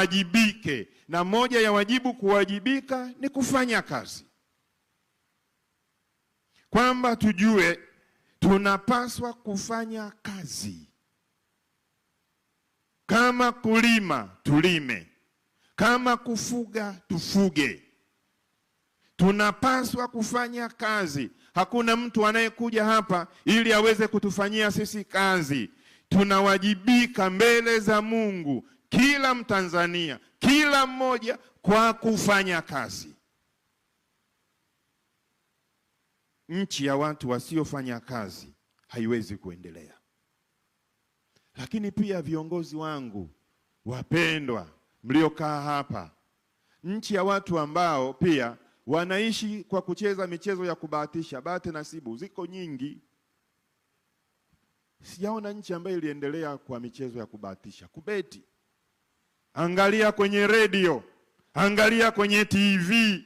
wajibike na moja ya wajibu kuwajibika ni kufanya kazi, kwamba tujue tunapaswa kufanya kazi. Kama kulima tulime, kama kufuga tufuge, tunapaswa kufanya kazi. Hakuna mtu anayekuja hapa ili aweze kutufanyia sisi kazi. Tunawajibika mbele za Mungu kila Mtanzania, kila mmoja kwa kufanya kazi. Nchi ya watu wasiofanya kazi haiwezi kuendelea. Lakini pia viongozi wangu wapendwa, mliokaa hapa, nchi ya watu ambao pia wanaishi kwa kucheza michezo ya kubahatisha, bahati nasibu ziko nyingi. Sijaona nchi ambayo iliendelea kwa michezo ya kubahatisha, kubeti angalia kwenye redio, angalia kwenye TV,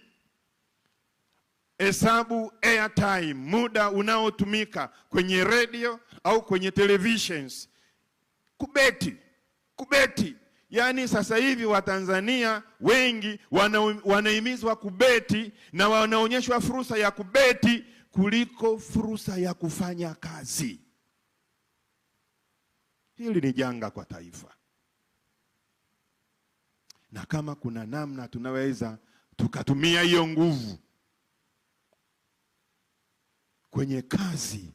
hesabu airtime, muda unaotumika kwenye redio au kwenye televisions. Kubeti, kubeti. Yaani sasa hivi Watanzania wengi wanahimizwa kubeti na wanaonyeshwa fursa ya kubeti kuliko fursa ya kufanya kazi. Hili ni janga kwa taifa na kama kuna namna tunaweza tukatumia hiyo nguvu kwenye kazi.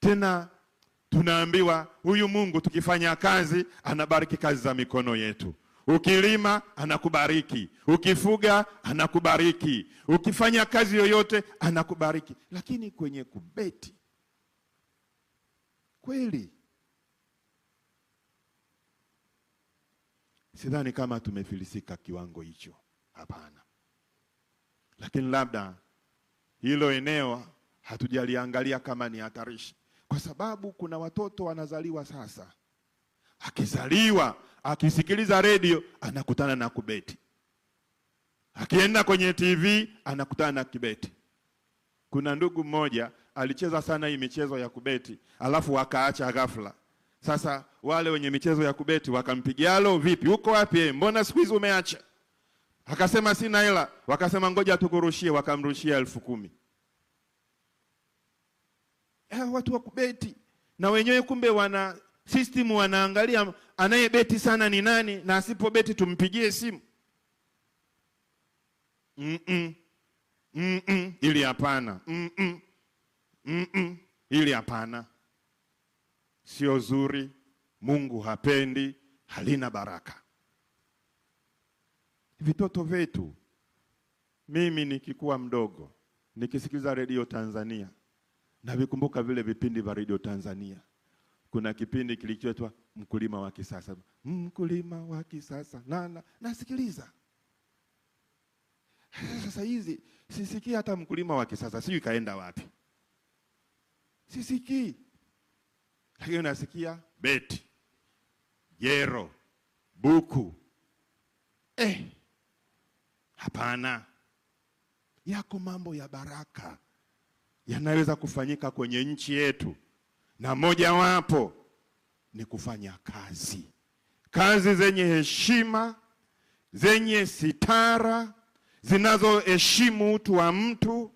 Tena tunaambiwa huyu Mungu tukifanya kazi anabariki kazi za mikono yetu. Ukilima anakubariki, ukifuga anakubariki, ukifanya kazi yoyote anakubariki. Lakini kwenye kubeti kweli Sidhani kama tumefilisika kiwango hicho, hapana. Lakini labda hilo eneo hatujaliangalia kama ni hatarishi, kwa sababu kuna watoto wanazaliwa sasa, akizaliwa akisikiliza redio anakutana na kubeti, akienda kwenye TV anakutana na kibeti. Kuna ndugu mmoja alicheza sana hii michezo ya kubeti, alafu akaacha ghafla sasa wale wenye michezo ya kubeti wakampigialo, vipi, uko wapi? Mbona siku hizi umeacha? Akasema sina hela. Wakasema ngoja tukurushie, wakamrushia elfu kumi. Eh, watu wa kubeti na wenyewe kumbe wana system, wanaangalia anayebeti sana ni nani, na asipobeti tumpigie simu mm -mm. Mm -mm. Ili hapana mm -mm. Mm -mm. Ili hapana sio zuri, Mungu hapendi, halina baraka. Vitoto wetu, mimi nikikuwa mdogo nikisikiliza redio Tanzania na vikumbuka vile vipindi vya redio Tanzania. Kuna kipindi kilichoitwa mkulima wa kisasa, mkulima wa kisasa nana, nasikiliza eh, sasa hizi sisikii hata mkulima wa kisasa, sijui kaenda wapi, sisikii lakini unasikia beti, jero, buku eh, hapana. Yako mambo ya baraka yanaweza kufanyika kwenye nchi yetu, na mojawapo ni kufanya kazi, kazi zenye heshima, zenye sitara, zinazoheshimu utu wa mtu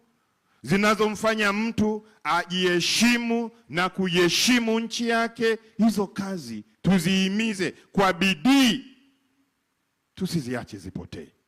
zinazomfanya mtu ajiheshimu na kuiheshimu nchi yake. Hizo kazi tuzihimize kwa bidii, tusiziache zipotee.